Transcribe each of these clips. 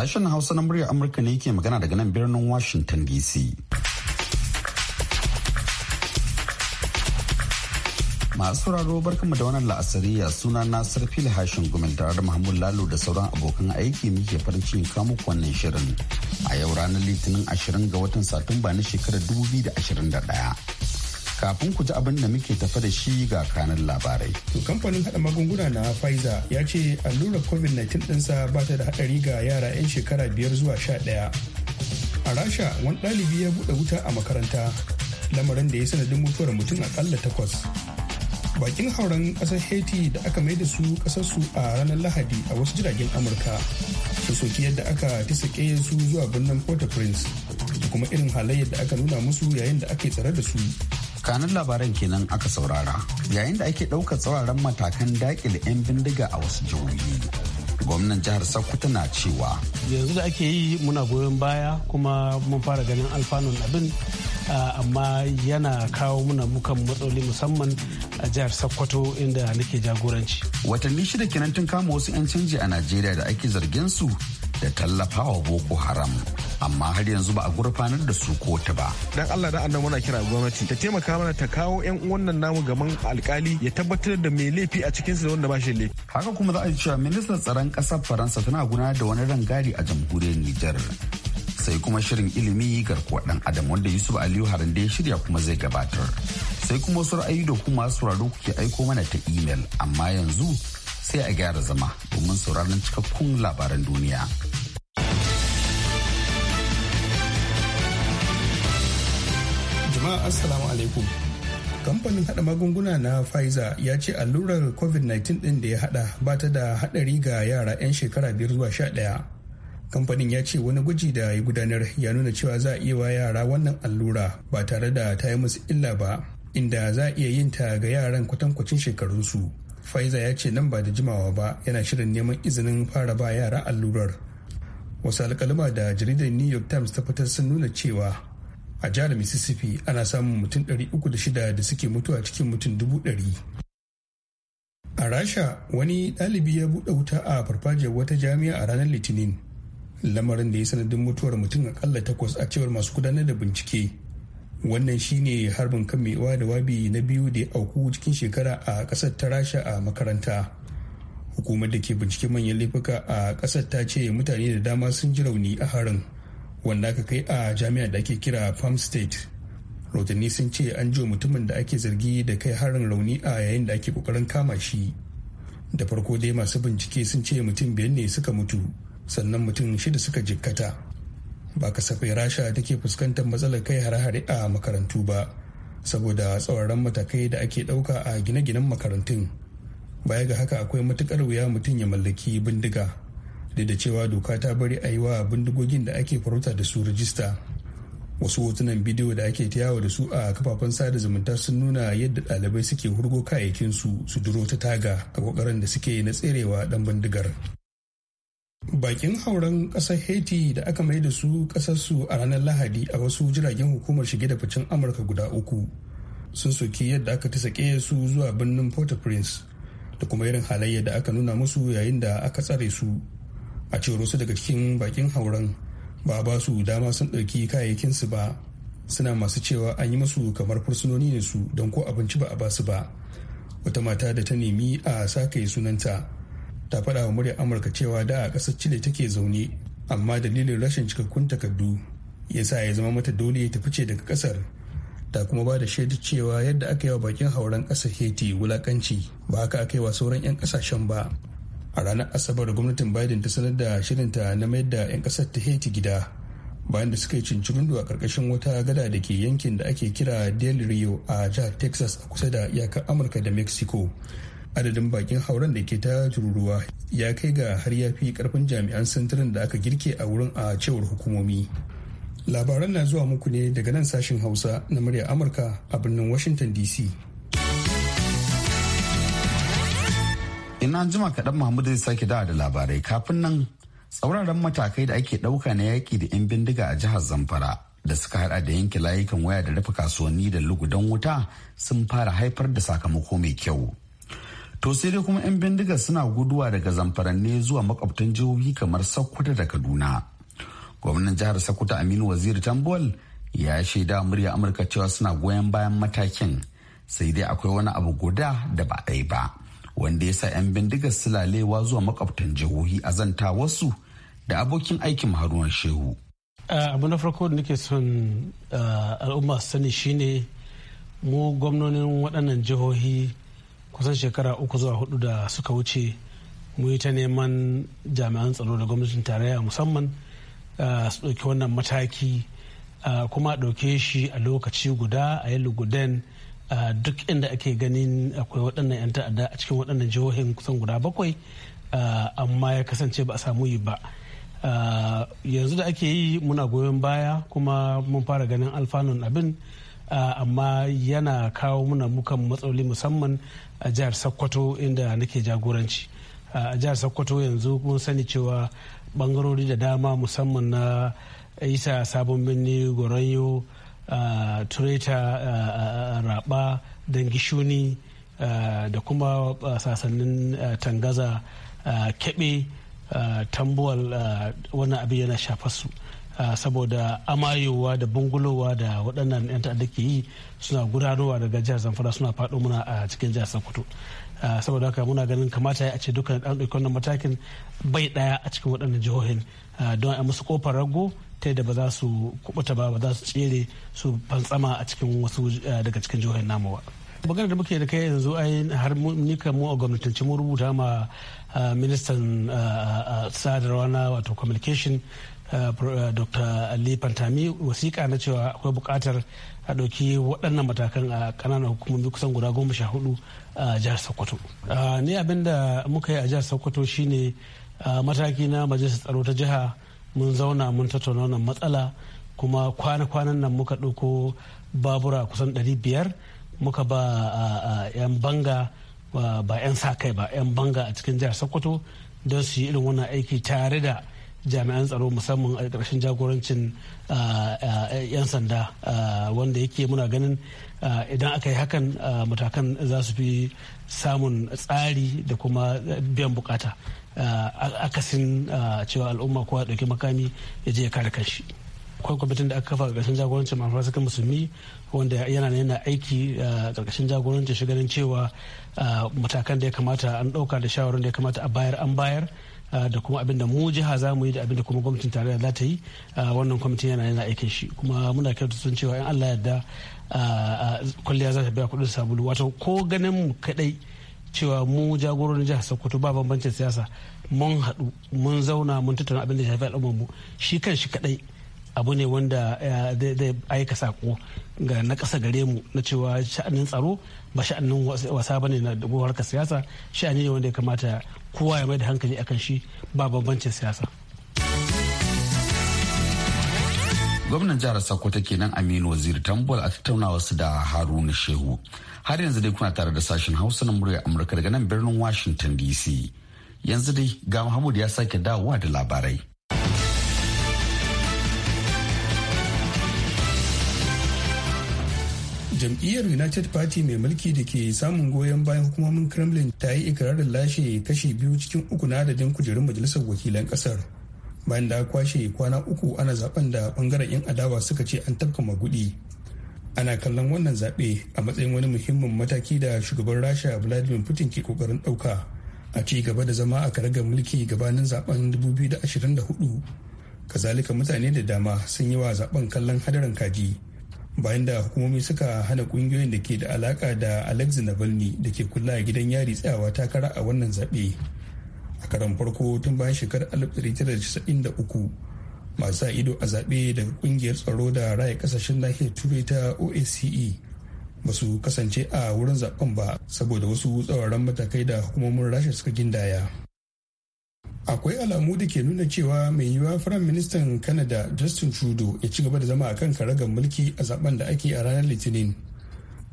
Sashen Hausa na muryar Amurka ne ke magana daga nan birnin Washington DC. Masu raro barkanmu da wannan la'asariya suna na Sarfil Hashin Gumin tare da Mahmud Lalo da sauran abokan aiki muke farin cikin kamu wannan shirin. A yau ranar Litinin 20 ga watan Satumba na shekarar 2021. kafin ku ji abin da muke tafa da shi ga kanan labarai. kamfanin hada magunguna na Pfizer ya ce allurar COVID-19 ɗinsa ba ta da haɗari ga yara 'yan shekara biyar zuwa sha ɗaya. A Rasha wani ɗalibi ya buɗe wuta a makaranta lamarin da ya sanadin mutuwar mutum akalla takwas. Bakin hauren kasar Haiti da aka mai da su ƙasarsu a ranar Lahadi a wasu jiragen Amurka su soki yadda aka sake su zuwa birnin Port-au-Prince da kuma irin halayyar da aka nuna musu yayin da ake tsare da su. kanun labaran kenan aka saurara yayin da ake ɗaukar tsauraran matakan dakile 'yan bindiga a wasu jihohi gwamnan jihar sokoto na cewa yanzu da ake yi muna goyon baya kuma mun fara ganin alfanun abin amma yana kawo muna mukan matsaloli musamman a jihar sokoto inda nake jagoranci watanni shida kenan tun kama wasu 'yan canji a najeriya da ake zargin su da tallafawa boko haram amma har yanzu ba a gurfanar da su ko ta ba dan Allah da annabi muna kira gwamnati ta taimaka mana ta kawo yan wannan namu gaban alkali ya tabbatar da mai laifi a cikin su wanda ba shi laifi haka kuma za a cewa ministan tsaron kasar Faransa tana gudanar da wani rangadi a jamhuriyar Nijar sai kuma shirin ilimi garkuwa dan adam wanda Yusuf Aliyu Haran ya shirya kuma zai gabatar sai kuma wasu ra'ayi da kuma sauraro kuke aiko mana ta imel amma yanzu sai a gyara zama domin sauraron cikakkun labaran duniya. Jama'a Assalamu alaikum. Kamfanin hada magunguna na Pfizer ya ce allurar COVID-19 ɗin da ya hada ba ta da hadari ga yara 'yan shekara biyar zuwa sha ɗaya. Kamfanin ya ce wani gwaji da ya gudanar ya nuna cewa za a iya wa yara wannan allura ba tare da ta yi musu illa ba, inda za a iya yin ta ga yaran kwatankwacin shekarunsu. Pfizer ya ce nan ba da jimawa ba yana shirin neman izinin fara ba yara allurar. Wasu alkalima da jaridar New York Times ta fitar sun nuna cewa a jihar mississippi ana samun mutum 306 da suke mutuwa cikin mutum 100 a rasha wani ɗalibi ya buɗe wuta a farfajiyar wata jami'a a ranar litinin lamarin da ya sanadin mutuwar mutum akalla takwas a cewar masu gudanar da bincike wannan shine harbin kan mai da wabi na biyu da ya auku cikin shekara a ƙasar ta rasha a makaranta hukumar da ke bincike manyan laifuka a ƙasar ta ce mutane da dama sun ji rauni a harin wanda aka kai a jami'ar da ake kira palm state rotanni sun ce an jiwa mutumin da ake zargi da kai harin rauni a yayin da ake kokarin kama shi da farko dai masu bincike sun ce mutum biyar ne suka mutu sannan mutum shida suka jikkata ba kasafai rasha take fuskantar matsalar kai hare-hare a makarantu ba saboda tsauraran matakai da ake ɗauka a gine-ginen makarantun baya ga haka akwai matukar wuya mutum ya mallaki bindiga duk da cewa doka ta bari a yi wa bindigogin da ake farauta da su rajista wasu hotunan bidiyo da ake tayawa da su a kafafen sada zumunta sun nuna yadda ɗalibai suke hurgo kayayyakinsu su duro ta taga a kokarin da suke na tserewa dan bindigar bakin hauren kasar haiti da aka mai da su ƙasarsu a ranar lahadi a wasu jiragen hukumar shige da ficen amurka guda uku sun soki yadda aka ta sake su zuwa birnin port-au-prince da kuma irin halayya da aka nuna musu yayin da aka tsare su a cewa wasu daga cikin bakin hauren ba ba su dama sun ɗauki kayayyakin su ba suna masu cewa an yi musu kamar fursunoni ne su don ko abinci ba a ba su ba wata mata da ta nemi a sake sunanta ta faɗa wa muryar amurka cewa da a ƙasar chile take zaune amma dalilin rashin cikakkun takardu ya sa ya zama mata dole ta fice daga ƙasar ta kuma ba da shaidu cewa yadda aka yi wa bakin hauren ƙasar haiti wulaƙanci ba haka aka yi wa sauran 'yan ƙasashen ba a ranar asabar gwamnatin biden ta sanar da shirinta na mayar da 'yan kasar ta haiti gida bayan da suka yi cincirundu a karkashin wata gada da ke yankin da ake kira del rio a jihar texas a kusa da iyakar amurka da mexico adadin bakin hauren da ke ta tururuwa ya kai ga har ya fi karfin jami'an sintirin da aka girke a wurin a cewar hukumomi labaran na zuwa muku ne daga nan sashen hausa na murya amurka a birnin washington dc kenan jima kaɗan mahmud zai sake dawa da labarai kafin nan tsauraran matakai da ake ɗauka na yaƙi da 'yan bindiga a jihar zamfara da suka hada da yanke layukan waya da rufe kasuwanni da lugudan wuta sun fara haifar da sakamako mai kyau to sai dai kuma 'yan bindiga suna guduwa daga zamfaranne zuwa makwabtan jihohi kamar sokoto da kaduna gwamnan jihar sokoto aminu wazir tambol ya shaida murya amurka cewa suna goyon bayan matakin sai dai akwai wani abu guda da ba a yi ba wanda ya sa 'yan bindigar silalewa zuwa makwabtan jihohi a zanta wasu da abokin aikin haruna shehu abu na farko da nake son al'umma su sani shine mu gwamnonin waɗannan jihohi kusan shekara uku zuwa hudu da suka wuce mu yi ta neman jami'an tsaro da gwamnatin tarayya musamman su ɗauki wannan mataki kuma a ɗauke shi a lokaci guda a yi lugudan duk inda ake ganin akwai waɗannan 'yan ta'adda a cikin waɗannan jihohin kusan guda bakwai amma ya kasance ba a samu yi ba yanzu da ake yi muna goyon baya kuma mun fara ganin alfanun abin amma yana kawo muna mukan matsaloli musamman a jihar sokoto inda nake jagoranci a jihar sokoto yanzu mun sani cewa bangarori da dama musamman na isa sabon birni goronyo turaita raba dangishuni da kuma sasannin tangaza kebe tambuwal wani abu yana shafar su Ah, saboda amayowa da bungulowa da waɗannan 'yan ta'adda ke yi suna gudanarwa daga jihar zamfara suna faɗo muna a cikin jihar sokoto ah, saboda haka muna ganin kamata ya ce dukkan ɗan ɗauki matakin bai ɗaya a cikin waɗannan jihohin ah, don a musu kofar rago ta yadda ba za su kubuta ba ba za su tsere su fantsama a cikin wasu daga cikin jihohin namu ba. magana da muke da kai yanzu ai har ni mu a gwamnatin mun rubuta ma ministan sadarwa na wato communication Eh, eh, dr ali fantami wasiƙa na cewa akwai buƙatar a ɗauki waɗannan matakan a ƙananan hukumomi kusan guda goma sha hudu a jihar sokoto eh, ni abin da muka yi a jihar sokoto shine mataki na majalisar tsaro ta jiha mun zauna mun tattauna wannan matsala kuma kwana-kwanan nan muka ɗauko babura kusan ɗari biyar muka ba 'yan banga ba 'yan sa kai ba 'yan banga a cikin jihar sokoto don su yi irin wannan aiki tare da jami'an tsaro musamman a ƙarshen jagorancin 'yan sanda wanda yake muna ganin idan aka yi hakan matakan za su fi samun tsari da kuma biyan bukata akasin cewa al'umma kowa ɗauki makami ya je ya kare kanshi akwai kwamitin da aka kafa a ƙarshen jagorancin mafarsakan musulmi wanda yana yana aiki a ƙarƙashin jagorancin shi ganin cewa matakan da ya kamata an ɗauka da shawarar da ya kamata a bayar an bayar Ah, da kuma abin mu jiha za mu yi da abinda kuma gwamnatin tarayya za ta yi ah, wannan kwamitin yana yana aikin shi kuma muna kyautu sun cewa in Allah yarda ah, kwalliya za ta biya kuɗin sabulu wato ko ganin mu kadai cewa mu jagororin jihar Sokoto ba bambancin siyasa mun haɗu mun zauna mun tattauna abin da shafi al'ummar mu shi kan shi kadai abu ne wanda zai aika sako ga na ƙasa gare mu na cewa sha'anin tsaro ba sha'anin wasa bane na harkar siyasa sha'ani ne wanda ya kamata kowa ya mai da hankali akan shi ba bambancin siyasa gwamnan jihar sokoto kenan aminu wazir tambol a tattaunawa su da haruna shehu har yanzu dai kuna tare da sashen hausa na murya amurka daga nan birnin washington dc yanzu dai ga muhammad ya sake dawowa da labarai jam'iyyar united party mai mulki da ke samun goyon bayan hukumomin kremlin ta yi ikirarin lashe kashi biyu cikin uku na adadin kujerun majalisar wakilan kasar bayan da kwashe kwana uku ana zaben da bangaren yan adawa suka ce an tafka magudi ana kallon wannan zaɓe a matsayin wani muhimmin mataki da shugaban rasha vladimir putin ke kokarin ɗauka a ci gaba da zama a karagar mulki gabanin zaben 2024 kazalika mutane da dama sun yi wa zaben kallon hadarin kaji bayan da hukumomi suka hana kungiyoyin da ke da alaka da alexi navalny da ke kula a gidan yari tsayawa takara a wannan zaɓe a karan farko tun bayan shekarar 1993 masu ido a zaɓe daga kungiyar tsaro da raya kasashen nahiyar turai ta oace ba su kasance a wurin zaɓen ba saboda wasu tsawaran matakai da hukumomin rasha suka gindaya akwai alamu da ke nuna cewa mai yiwuwa firayim ministan canada justin trudeau ya ci gaba da zama a kan karagar mulki a zaben da ake a ranar litinin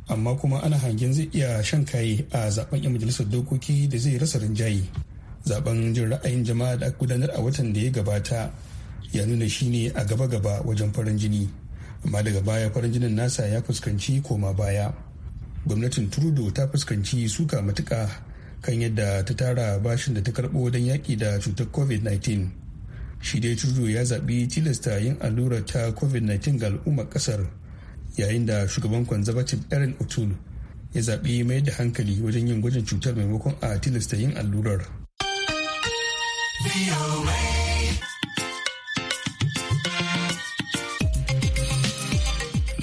amma kuma ana hangen zai iya shan kaye a zaben 'yan majalisar dokoki da zai rasa rinjaye zaben jin ra'ayin jama'a da aka gudanar a watan da ya gabata ya nuna shi ne a gaba-gaba wajen farin jini amma daga baya farin jinin nasa ya fuskanci koma baya gwamnatin trudeau ta fuskanci suka matuka kan yadda ta tara bashin da ta karɓo don yaƙi da cutar covid-19 shi dai trudeau ya zaɓi tilasta yin allurar ta covid-19 ga al'ummar ƙasar yayin da shugaban conservative erin o'toole ya zaɓi mai da hankali wajen yin gwajin cutar maimakon a tilasta yin allurar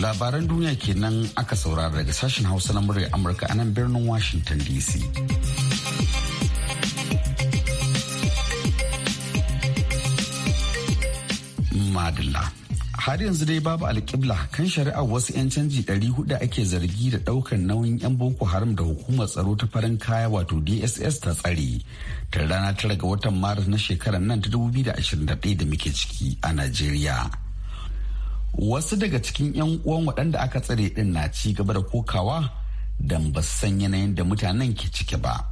labaran duniya kenan aka saurara daga sashen hausa na murya amurka a nan birnin washington dc Har yanzu dai babu alƙibla kan shari'ar wasu 'yan canji 400 ake zargi da ɗaukar nauyin 'yan Boko Haram da hukumar tsaro ta farin kaya wato DSS ta tsare. Ta rana tara ga watan Maris na shekarar nan ta 2021 da muke ciki a Najeriya. Wasu daga cikin 'yan uwan waɗanda aka tsare ɗin na ci gaba da kokawa don ba san yanayin da mutanen ke ciki ba.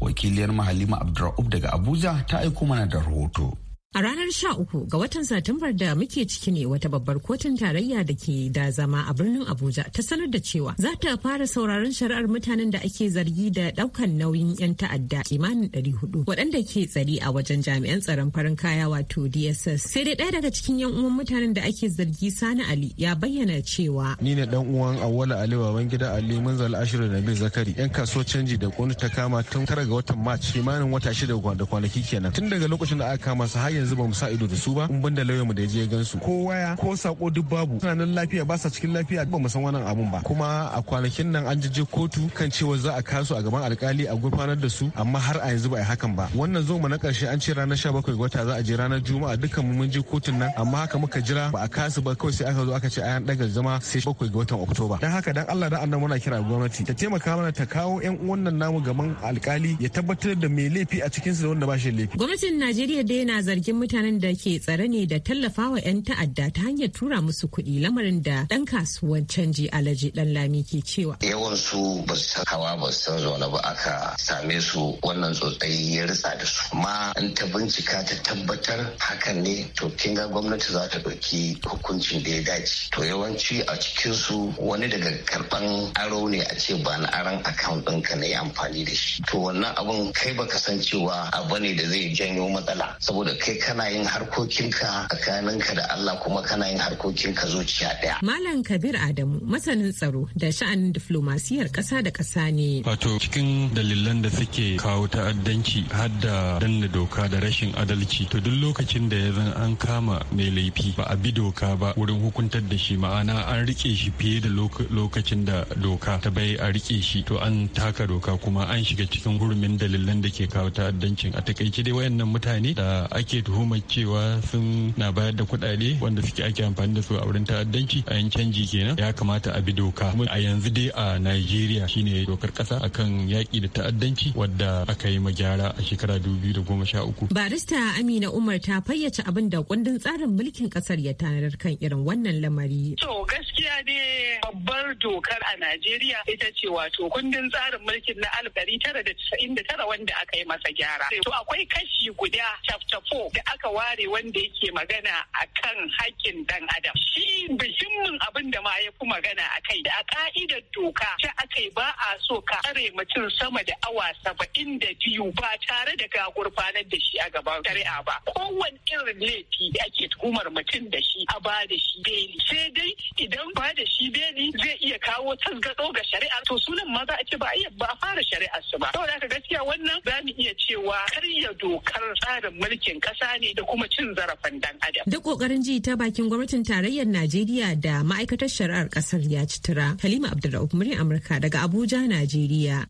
Wakiliyar Mahalima Abdurra'ub daga Abuja ta aiko mana da rahoto. A ranar 13 ga watan Satumbar da muke ciki ne wata babbar kotun tarayya da ke da zama a birnin Abuja ta sanar da cewa za ta fara sauraron shari'ar mutanen da ake zargi da daukan nauyin 'yan ta'adda kimanin 400 waɗanda ke tsari a wajen jami'an tsaron farin kaya wato DSS. Sai dai ɗaya daga cikin 'yan uwan mutanen da ake zargi Sani Ali ya bayyana cewa ni ne dan uwan Awwala Ali Babangida Ali Munzal Ashiru Nabi Zakari yan kaso canji da gwamnati ta kama tun tara ga watan March kimanin wata shida da kwanaki kenan tun daga lokacin da aka kama su yanzu ba mu sa ido da su ba in banda mu da ya je gan su ko waya ko sako duk babu suna nan lafiya ba sa cikin lafiya ba mu san wannan abun ba kuma a kwanakin nan an jije kotu kan cewa za a kasu a gaban alkali a gurfanar da su amma har a yanzu ba a hakan ba wannan zo mu na karshe an ce ranar 17 ga wata za a je ranar juma'a dukkan mu mun je kotun nan amma haka muka jira ba a kasu ba kawai sai aka zo aka ce ayan daga zama sai 7 ga watan oktoba dan haka dan Allah da annan muna kira gwamnati ta taimaka mana ta kawo yan uwannan namu gaban alkali ya tabbatar da mai laifi a cikin su da wanda ba shi laifi gwamnatin Najeriya dai na zargin cikin mutanen da ke tsare ne da tallafawa 'yan ta'adda ta hanyar tura musu kuɗi lamarin da ɗan kasuwan canji alaji ɗan lami ke cewa. Yawansu ba su san hawa ba su san zaune ba aka same su wannan tsotsai ya ritsa da su. Ma in ta bincika ta tabbatar hakan ne to kin ga gwamnati za ta ɗauki hukuncin da ya dace. To yawanci a cikin su wani daga karɓan aro ne a ce ba na aron akawun ɗinka na yi amfani da shi. To wannan abun kai baka san cewa abu ne da zai janyo matsala saboda kai kana yin harkokinka tsakaninka da Allah kuma kana yin harkokin ka zuciya daya. Malam Kabir Adamu masanin tsaro da sha'anin diflomasiyar ƙasa da ƙasa ne. Wato cikin dalilan da suke kawo ta'addanci har da danna doka da rashin adalci to duk lokacin da ya zan an kama mai laifi ba a bi doka ba wurin hukuntar da shi ma'ana an rike shi fiye da lokacin da doka ta bai a rike shi to an taka doka kuma an shiga cikin hurumin dalilan da ke kawo ta'addancin a takaice dai wayannan mutane da ake tuhumar cewa sun na bayar da kuɗaɗe wanda suke ake amfani da su a wurin ta'addanci a yan canji kenan ya kamata a bi doka kuma a yanzu dai a Najeriya shine dokar ƙasa akan yaƙi da ta'addanci wadda aka yi magyara a shekara 2013. Barista Amina Umar ta fayyace abin da kundin tsarin mulkin ƙasar ya tanadar kan irin wannan lamari. To gaskiya ne babbar dokar a Najeriya ita ce wato kundin tsarin mulkin na 1999 tara da tara wanda aka yi masa gyara. To akwai kashi guda chapter 4 da aka ware wanda yake magana akan haƙƙin ɗan adam shi muhimmin abin da ma ya fi magana a kai da a ka'idar doka ta aka ba a so ka tsare mutum sama da awa saba'in da biyu ba tare da ka gurfanar da shi a gaban shari'a ba kowane irin laifi da ake tuhumar mutum da shi a ba da shi beli sai dai idan ba da shi beli zai iya kawo tasgaro ga shari'a to sunan ma za a ce ba a ba fara shari'ar su ba saboda haka gaskiya wannan za mu iya cewa karya dokar tsarin mulkin ƙasa. ne da kuma cin zarafin dan adam. Duk kokarin ji ta bakin gwamnatin tarayyar Najeriya da ma'aikatar shari'ar ƙasar ya ci tura. Halima Abdulrahman muryar Amurka daga Abuja, Najeriya.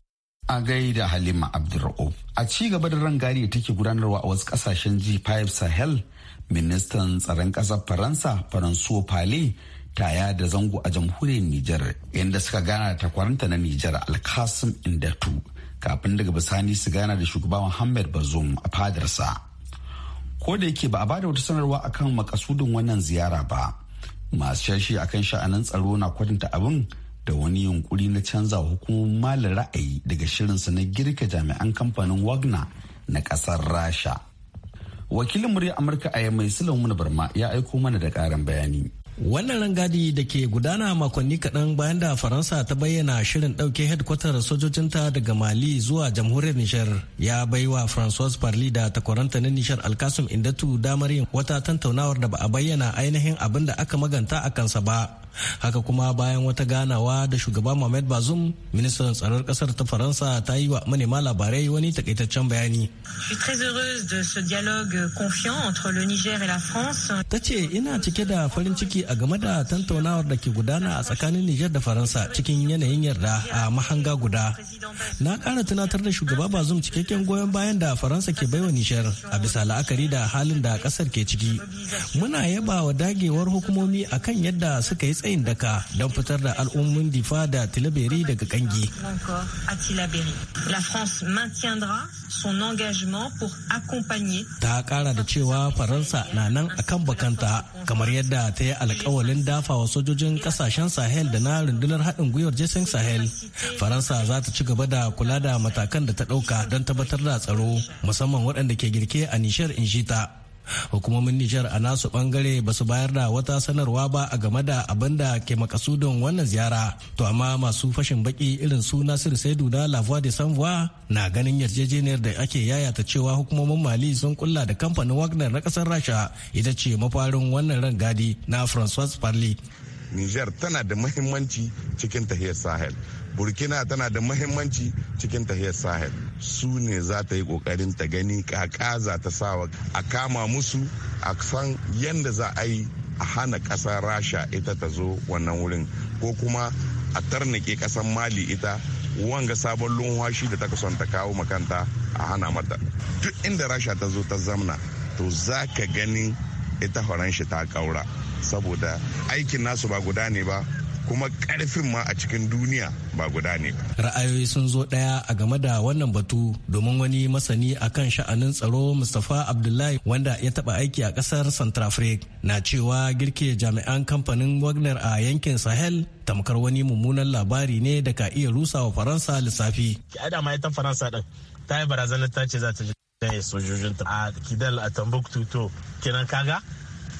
A gaida Halima Abdulrahman. A ci gaba da rangari da take gudanarwa a wasu ƙasashen G5 Sahel, ministan tsaron ƙasar Faransa, Faransuwa Pale, taya da zango a jamhuriyar Nijar, inda suka gana da takwaranta na Nijar Alkasim Indatu, kafin daga bisani su gana da shugaba Muhammad Bazoum a fadarsa. ko da yake ba a bada wata sanarwa akan makasudin wannan ziyara ba masu shashi akan sha'anin tsaro na kwatanta abin da wani yunkuri na canza hukumar malin ra'ayi daga shirinsa na girka jami'an kamfanin wagner na kasar rasha wakilin murya amurka a yamai sulaiman barma ya aiko mana da karin bayani Wannan rangadi da ke gudana makonni kaɗan bayan da Faransa ta bayyana shirin ɗauke hedkwatar sojojinta daga Mali zuwa jamhuriyar Nishar ya baiwa Francois parli da takwaranta na Nishar Alkasum Indatu damar yin wata tantaunawar da ba a bayyana ainihin abin da aka maganta a kansa ba. haka kuma bayan wata ganawa da shugaba mohamed bazoum ministan tsaron kasar ta faransa ta yi wa manema labarai wani takaitaccen bayani ta ce ina cike da farin ciki a game da tantaunawar da ke gudana a tsakanin niger da faransa cikin yanayin yarda a mahanga guda na kara tunatar da shugaba bazum cikakken goyon bayan da faransa ke baiwa nijar a bisa la'akari da halin da kasar ke ciki muna yaba wa dagewar hukumomi akan yadda suka yi matsayin daka don fitar da al'ummin difa da tilaberi daga kangi. Ta kara da cewa Faransa na nan a kan bakanta kamar yadda ta yi alkawalin dafa wa sojojin kasashen Sahel da na rundunar haɗin gwiwar Jason Sahel. Faransa za ta ci gaba da kula da matakan da ta ɗauka don tabbatar da tsaro musamman waɗanda ke girke a nishiyar Injita. hukumomin nijar a nasu bangare ba su bayar da wata sanarwa ba a game da abin da ke makasudin wannan ziyara to amma masu fashin baki irin su nasir saidu na la de sanvoix na ganin yarjejeniyar da ake yayata cewa hukumomin mali sun kulla da kamfanin wagner na kasar rasha ita ce mafarin wannan ran gadi na francois parly niger tana da mahimmanci cikin tahiyar sahel burkina tana da mahimmanci cikin tahiyar sahel su ne za ta yi kokarin ta gani kaka za ta sawa a kama musu a san yadda za a yi a hana ƙasa rasha ita ta zo wannan wurin ko kuma a tarnake ƙasar mali ita wanga sabon lunwashi da ta son ta kawo makanta a hana mata duk inda rasha ta zo ta zamna to za ka gani ita horon shi ta kaura saboda aikin nasu ba guda ne ba kuma karfin ma a cikin duniya ba guda ne ra'ayoyi sun zo daya a game da wannan batu domin wani masani a kan sha'anin tsaro mustapha abdullahi wanda ya taba aiki a kasar centrafric na cewa girke jami'an kamfanin wagner a yankin sahel tamkar wani mummunan labari ne da ka iya rusa wa faransa lissafi faransa a kidal kenan kaga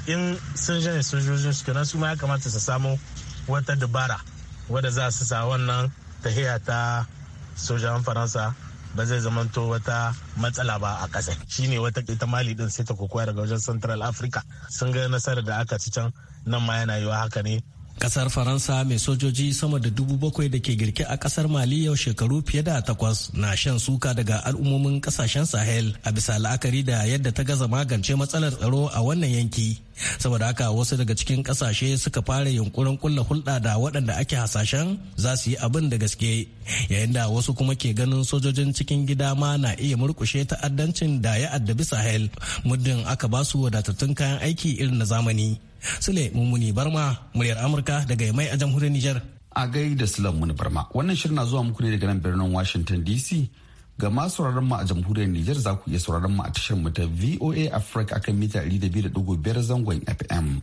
in sun janye sojojin su kenan su ma ya kamata su samu wata dabara wadda za su sa wannan tahiya ta sojan faransa ba zai zamanto wata matsala ba a ƙasa shine wata ita mali din sai ta kokowa daga wajen central africa sun ga nasarar da aka ci can nan ma yana yiwa haka ne Kasar Faransa mai sojoji sama da dubu bakwai da ke girke a kasar Mali yau shekaru fiye da takwas na shan suka daga al'ummomin kasashen Sahel a bisa la'akari da yadda ta gaza magance matsalar tsaro a wannan yanki. Saboda haka wasu daga cikin kasashe suka fara yunkurin kulla hulɗa da waɗanda ake hasashen za su yi abin da gaske yayin da wasu kuma ke ganin sojojin cikin gida ma na iya murkushe ta'addancin da ya addabi Sahel muddin aka ba su wadatattun kayan aiki irin na zamani. Sule Mummuni Barma, muryar Amurka daga mai a jamhuriyar Nijar. A gai da Sule Mummuni Barma, wannan shirin na zuwa muku ne daga nan birnin Washington DC. Ga masu sauraron mu a jamhuriyar Nijar za ku iya sauraron mu a tashar mu ta VOA Africa akan mita biyar zangon FM.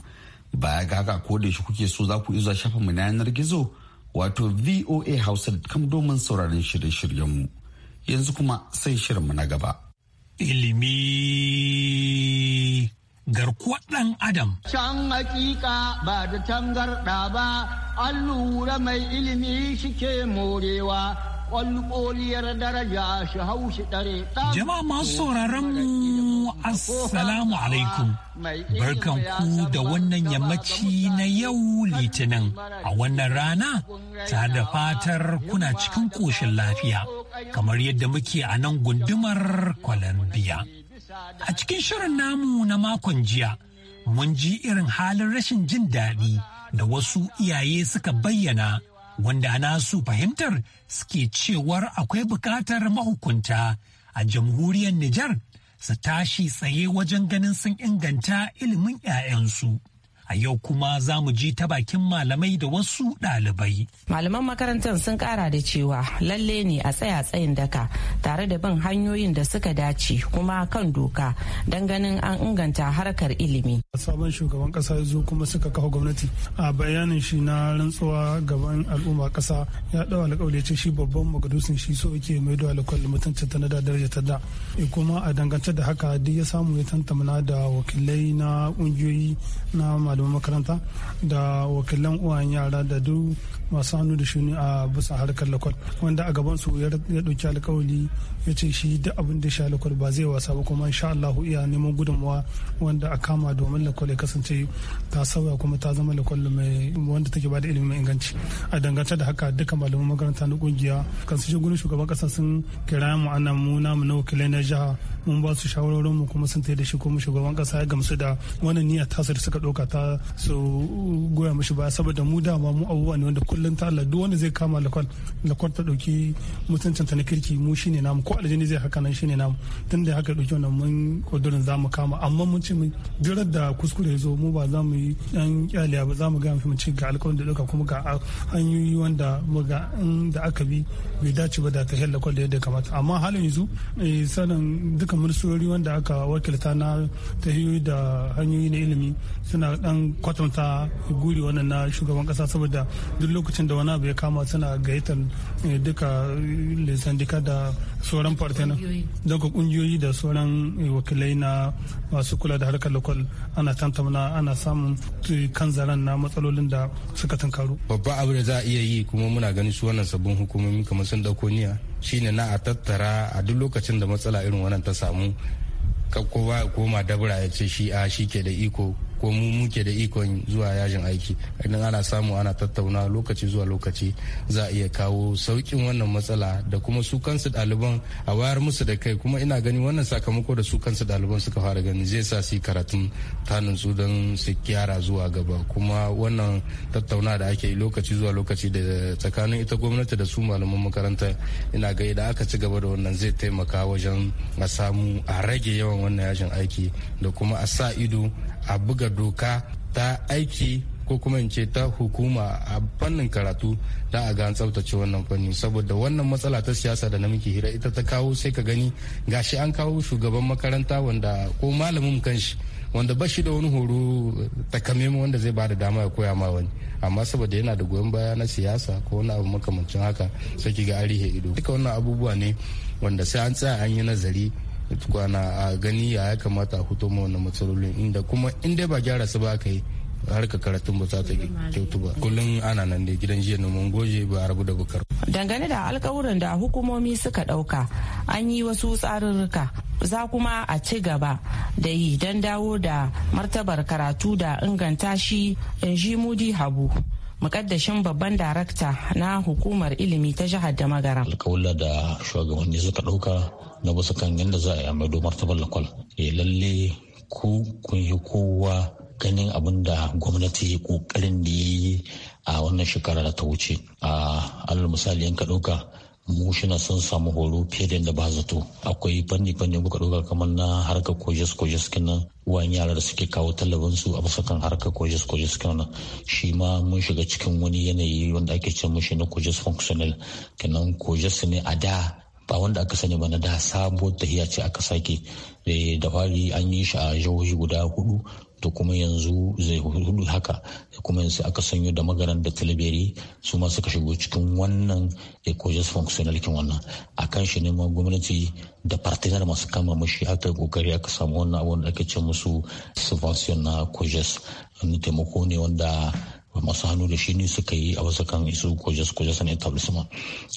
Baya ga haka ko da yaushe kuke so za ku iya zuwa shafin mu na yanar gizo wato VOA Hausa kam domin sauraron shirye-shiryen mu. Yanzu kuma sai shirin mu na gaba. Ilimi Garkuwa ɗan adam. Can hakika ba da tangarɗa ba, an lura mai ilimi shi ke morewa, ƙwalƙoliyar daraja shi hau shi ɗare. Jama'a masu sauraron mu Assalamu alaikum. Barkan ku da wannan yammaci na yau litinin a wannan rana ta da fatar kuna cikin ƙoshin lafiya, kamar yadda muke a nan gundumar Colombia. A cikin shirin namu na makon jiya, mun ji irin halin rashin jin daɗi da wasu iyaye suka bayyana wanda nasu fahimtar suke cewar akwai buƙatar mahukunta a jamhuriyar Nijar su tashi tsaye wajen ganin sun inganta ilimin 'ya'yansu. A yau kuma za mu ji ta bakin malamai da wasu ɗalibai. Malaman makarantar sun kara da cewa lalle ne a tsaya tsayin daka tare da bin hanyoyin da suka dace kuma kan doka don ganin an inganta harkar ilimi. Sabon shugaban kasa ya zo kuma suka kawo gwamnati a bayanin shi na rantsuwa gaban al'umma kasa ya ɗau alƙawari ce shi babban magadusin shi so yake mai da alƙawari mutuncin ta na da daraja ta da. E kuma a dangance da haka duk ya samu ya tantamana da wakilai na ƙungiyoyi na malaman makaranta da wakilan uwayen yara da duk masu hannu da shuni a bisa harkar lakwal wanda a gaban su ya dauki alkawali ya ce shi da abin da sha lakwal ba zai wasa ba kuma insha Allah iya neman gudunmawa wanda a kama domin lakwal ya kasance ta sauya kuma ta zama lakwal mai wanda take bada ilimi mai inganci a dangance da haka duka malaman makaranta na kungiya kan su shugaban kasa sun kira mu ana mu na mu na wakilai na jiha mun ba su shawarorin mu kuma sun tayi da shi kuma shugaban kasa ya gamsu da wannan niyyar tasu da suka dauka ta su goya mishi baya saboda mu dama mu abubuwa ne wanda kullum ta Allah duk wanda zai kama lakwal lakwal ta dauki mutuncin ta na kirki mu shine namu ko aljini zai haka nan shine namu tun da haka dauki wannan mun kudurin za mu kama amma mun ce mun da kuskure ya zo mu ba za mu yi dan kyaliya ba za mu ga mu ci ga alƙawarin da dauka kuma ga hanyoyi wanda mu ga da aka bi bai dace ba da ta hel lakwal da yadda kamata amma halin yanzu eh, sanin duka ministrori wanda aka wakilta na ta da hanyoyi na ilimi suna dan kwatanta guri wannan na shugaban kasa saboda duk lokacin da wani abu ya kama suna gaitar eh, duka eh, lesandika da sauran partena daga kungiyoyi da sauran eh, wakilai na masu kula da harkar lokal ana tantamna ana samun kan zaren na matsalolin da suka tankaru babba abu da za a iya yi kuma muna ganin su wannan sabbin hukumomi kamar sun dauko niyya shine na a tattara a duk lokacin da matsala irin wannan ta samu kowa ya koma dabura ya ce shi a ah, shi ke da iko ko mu muke da ikon zuwa yajin aiki idan ana samu ana tattauna lokaci zuwa lokaci za a iya kawo sauƙin wannan matsala da kuma su kansu ɗaliban a wayar musu da kai kuma ina gani wannan sakamako da su kansu ɗaliban suka fara gani zai sa su karatun tanin su don su gyara zuwa gaba kuma wannan tattauna da ake yi lokaci zuwa lokaci da tsakanin ita gwamnati da su malaman makaranta ina ga idan aka ci gaba da wannan zai taimaka wajen a samu a rage yawan wannan yajin aiki da kuma a sa ido a buga doka ta aiki ko kuma in ce ta hukuma a fannin karatu da a ga an tsabtace wannan fanni saboda wannan matsala ta siyasa da na muke hira ita ta kawo sai ka gani gashi an kawo shugaban makaranta wanda ko malamin kanshi wanda ba da wani horo takamaimu wanda zai bada dama ya koya ma wani amma saboda yana da goyon baya na siyasa ko wani abu makamancin haka sai ga arihe ido duka wannan abubuwa ne wanda sai an tsaya an yi nazari tukwana a gani ya kamata a fito ma wannan matsalolin inda kuma in ba gyara su ba ka yi harka karatun ba za ta kyautu ba kullum ana nan da gidan jiya na goje ba a rabu da bukar. dangane da alkawuran da hukumomi suka ɗauka an yi wasu tsarurruka za kuma a ci gaba da yi don dawo da martabar karatu da inganta shi in ji mudi habu mukaddashin babban darakta na hukumar ilimi ta jihar da magara. alkawula da shugabanni suka ɗauka na wasu kan yadda za a yi do martaba lakwal ya eh, lalle ku kun yi kowa ganin abin da gwamnati kokarin da ya yi a wannan shekara da ta wuce a ah, alal misali yanka dauka. mushina sun samu horo fiye da yadda ba zato akwai fanni fanni muka ɗauka kamar na harkar kojes kojes kenan uwan yara da suke kawo talabin su a bisa kan harkar kojes kojes kenan shi ma mun shiga cikin wani yanayi wanda ake ce mushi na kojes functional kenan kojes ne a da ba wanda aka sani ba na da da hiya ce aka sake eh, da fari an yi shi a jihohi guda hudu to kuma yanzu zai hudu haka kuma yanzu aka sanyo da magaran da talibiri su ma suka shigo cikin wannan ecogest functional kin wannan a kan shi neman gwamnati da partner masu kama mashi aka yi kokari aka samu wannan abun da ake ce musu subvention na kojes wani taimako ne wanda masu hannu da shi ne suka yi a wasu kan isu kojas kojas na tablisman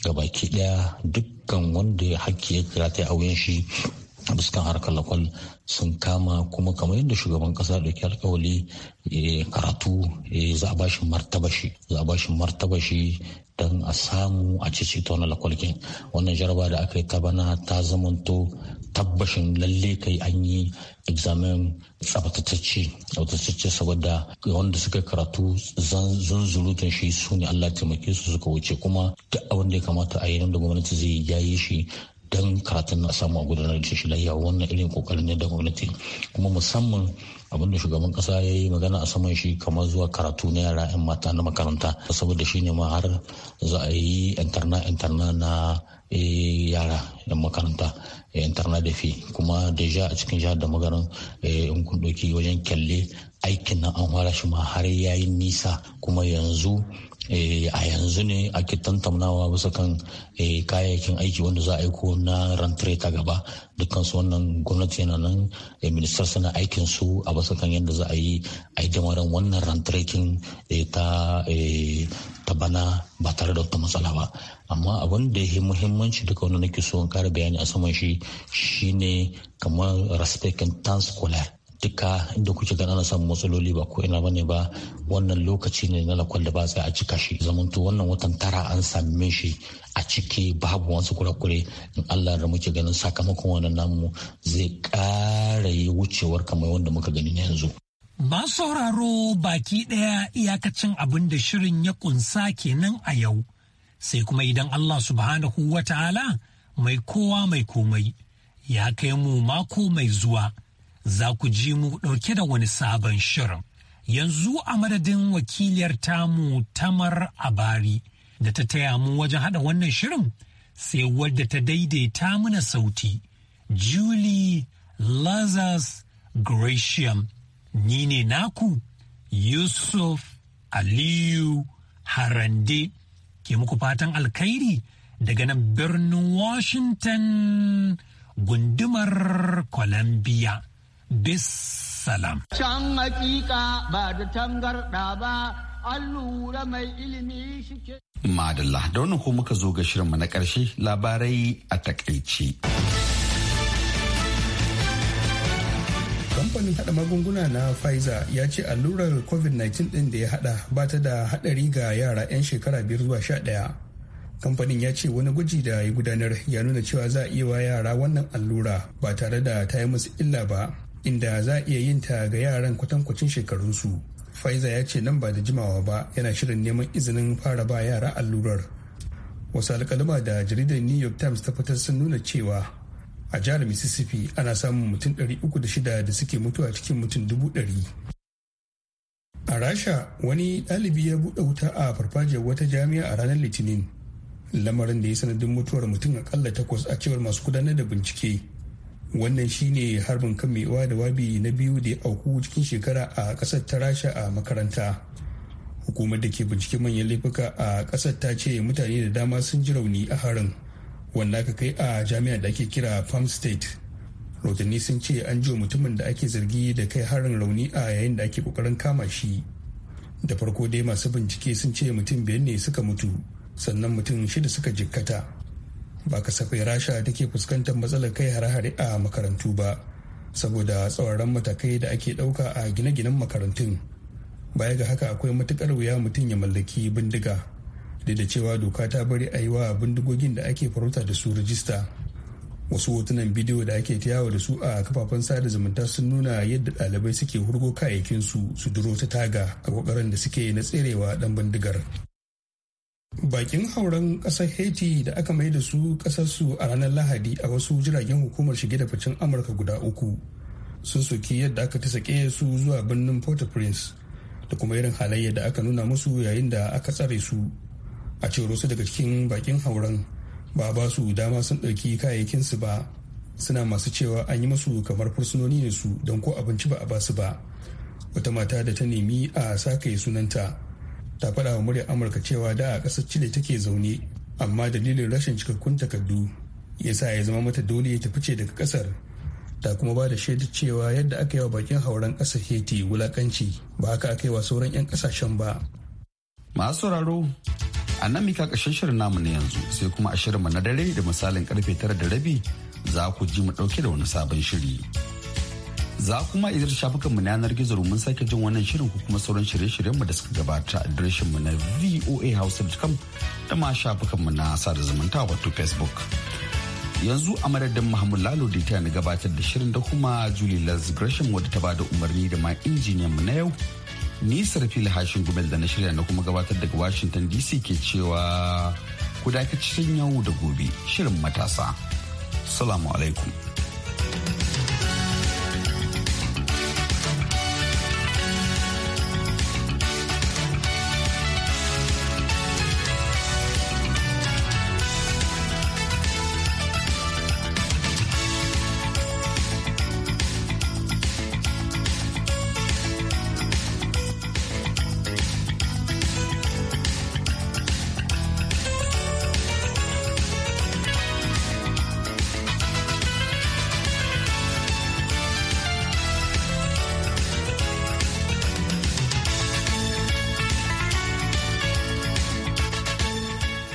gabaki daya dukkan wanda hakki ya kira ta a wuyan shi a fuskan harkar lakwal sun kama kuma kamar yadda shugaban kasa da ke alkawali eh, karatu eh, za a bashi martabashi za a bashi martabashi don a samu a cici ta wani lakwalkin wannan jaraba da aka yi ta bana ta zamanto tabbashin lalle kai an yi examen tsabtatacce tsabtatacce saboda wanda suka karatu zunzurutun shi su ne Allah taimake su suka wuce kuma duk abin da ya kamata a yi nan da gwamnati zai yayi shi don karatun na samu a gudanar da shi lahiya wannan irin kokarin ne da gwamnati kuma musamman abin da shugaban kasa ya yi magana a saman shi kamar zuwa karatu na yara 'yan mata na makaranta saboda shi ne ma har za a yi interna interna na eh, yara 'yan makaranta eh, interna da fi kuma deja a cikin jihar da maganin yan eh, kundoki wajen kyalle aikin na an fara shi ma har ya nisa kuma yanzu Eh, a yanzu ne ake tantaunawa bisa kan eh, kayayyakin aiki wanda za a aiko na rantare ta gaba dukkan su wannan gwamnati yana nan eh, ministar suna aikin su a bisa kan yadda za a yi jamarin wannan kin ta ta bana ba tare da wata matsala ba amma abin da ya muhimmanci duka wanda nake so in kara bayani a saman shi shine kamar respect and duka inda kuke gana na samun matsaloli ba ko ina bane ba wannan lokaci ne na lakwal da ba sai a cika shi zamanto wannan watan tara an same shi a ciki babu wasu kurakure in Allah da muke ganin sakamakon wannan namu zai ƙara yi wucewar kamar wanda muka gani na yanzu. Ba sauraro baki ɗaya iyakacin abin da shirin ya kunsa kenan a yau sai kuma idan Allah subhanahu wa ta'ala mai kowa mai komai ya kai mu mako mai zuwa. za ku ji mu ɗauke da wani sabon shirin. Yanzu a madadin wakiliyar tamu Tamar Abari da ta taya mu wajen haɗa wannan shirin sai wadda ta daidaita mana sauti. Julie Lazarus Gratiam ni ne naku Yusuf Aliyu Harande ke muku fatan alkhairi daga nan birnin Washington gundumar Columbia. Bissalam. Can hakika ba da tangarɗa ba, an lura mai ilimi shi ke. Madalla, da wannan ko muka zo ga shirinmu na ƙarshe labarai a takaici. Kamfanin haɗa magunguna na Pfizer ya ce allurar COVID-19 ɗin da ya haɗa ba ta da haɗari ga yara 'yan shekara biyar zuwa sha ɗaya. Kamfanin ya ce wani gwaji da ya gudanar ya nuna cewa za a iya wa yara wannan allura ba tare da ta yi musu illa ba. inda za a iya yin ta ga yaran kwatankwacin shekarunsu faiza ya ce nan ba da jimawa ba yana shirin neman izinin fara ba yara allurar wasu alkalima da jaridar new york times ta fitar sun nuna cewa a jihar mississippi ana samun mutum ɗari uku da shida da suke mutuwa cikin mutum dubu ɗari. A Rasha wani ɗalibi ya buɗe wuta a farfajiyar wata jami'a a ranar Litinin. Lamarin da ya sanadin mutuwar mutum akalla takwas a cewar masu gudanar da bincike. wannan shine harbin kan mai uwa da wabi na biyu da ya auku cikin shekara a kasar ta rasha a makaranta hukumar da ke bincike manyan laifuka a kasar ta ce mutane da dama sun ji rauni a harin wanda aka kai a jami'ar da ake kira farm state rotanni sun ce an jiwa mutumin da ake zargi da kai harin rauni a yayin da ake kokarin kama shi da farko dai masu bincike sun ce mutum biyar ne suka mutu sannan mutum shida suka jikkata ba kasafai rasha take fuskantar matsalar kai hare-hare a makarantu ba saboda tsauraran matakai da ake ɗauka a gine-ginen makarantun baya ga haka akwai matukar wuya mutum ya mallaki bindiga duk da cewa doka ta bari a yi wa bindigogin da ake farauta da su rajista wasu hotunan bidiyo da ake ta da su a kafafen sada zumunta sun nuna yadda ɗalibai suke hurgo kayayyakin su su duro ta taga a kokarin da suke na tserewa dan bindigar bakin hauren kasar haiti da aka mai da su kasarsu a ranar lahadi a wasu jiragen hukumar shige da ficin amurka guda uku sun soki yadda aka ta sake su zuwa birnin port-au-prince da kuma irin halayya da aka nuna musu yayin da aka tsare su a cewar wasu daga cikin bakin hauren ba ba su dama sun ɗauki su ba suna masu cewa an yi musu kamar fursunoni ne su don ko abinci ba a ba su ba wata mata da ta nemi a sakaye sunanta ta faɗa wa muryar amurka cewa da a ƙasar chile take zaune amma dalilin rashin cikakkun takardu ya sa ya zama mata dole ta fice daga ƙasar ta kuma ba da shaidar cewa yadda aka yi wa bakin hauren ƙasar haiti wulakanci ba haka aka yi wa sauran 'yan ƙasashen ba masu sauraro a nan mika ƙarshen shirin namu na yanzu sai kuma a shirinmu na dare da misalin karfe tara da rabi za ku ji mu ɗauke da wani sabon shiri. za kuma shafukan shafukanmu na yanar gizo mun sake jin wannan shirin ko kuma sauran shirye-shiryenmu da suka gabata mu na voahouse.com da ma mu na sada zumunta wato facebook yanzu a madadin mahmud lalo da ta na gabatar da shirin da kuma julie lance gresham wadda ta bada umarni da ma injiniyan mu na yau ni sarfi hashin gumel da na shirya na kuma gabatar daga washington dc ke cewa ku cikin yau da gobe shirin matasa salamu alaikum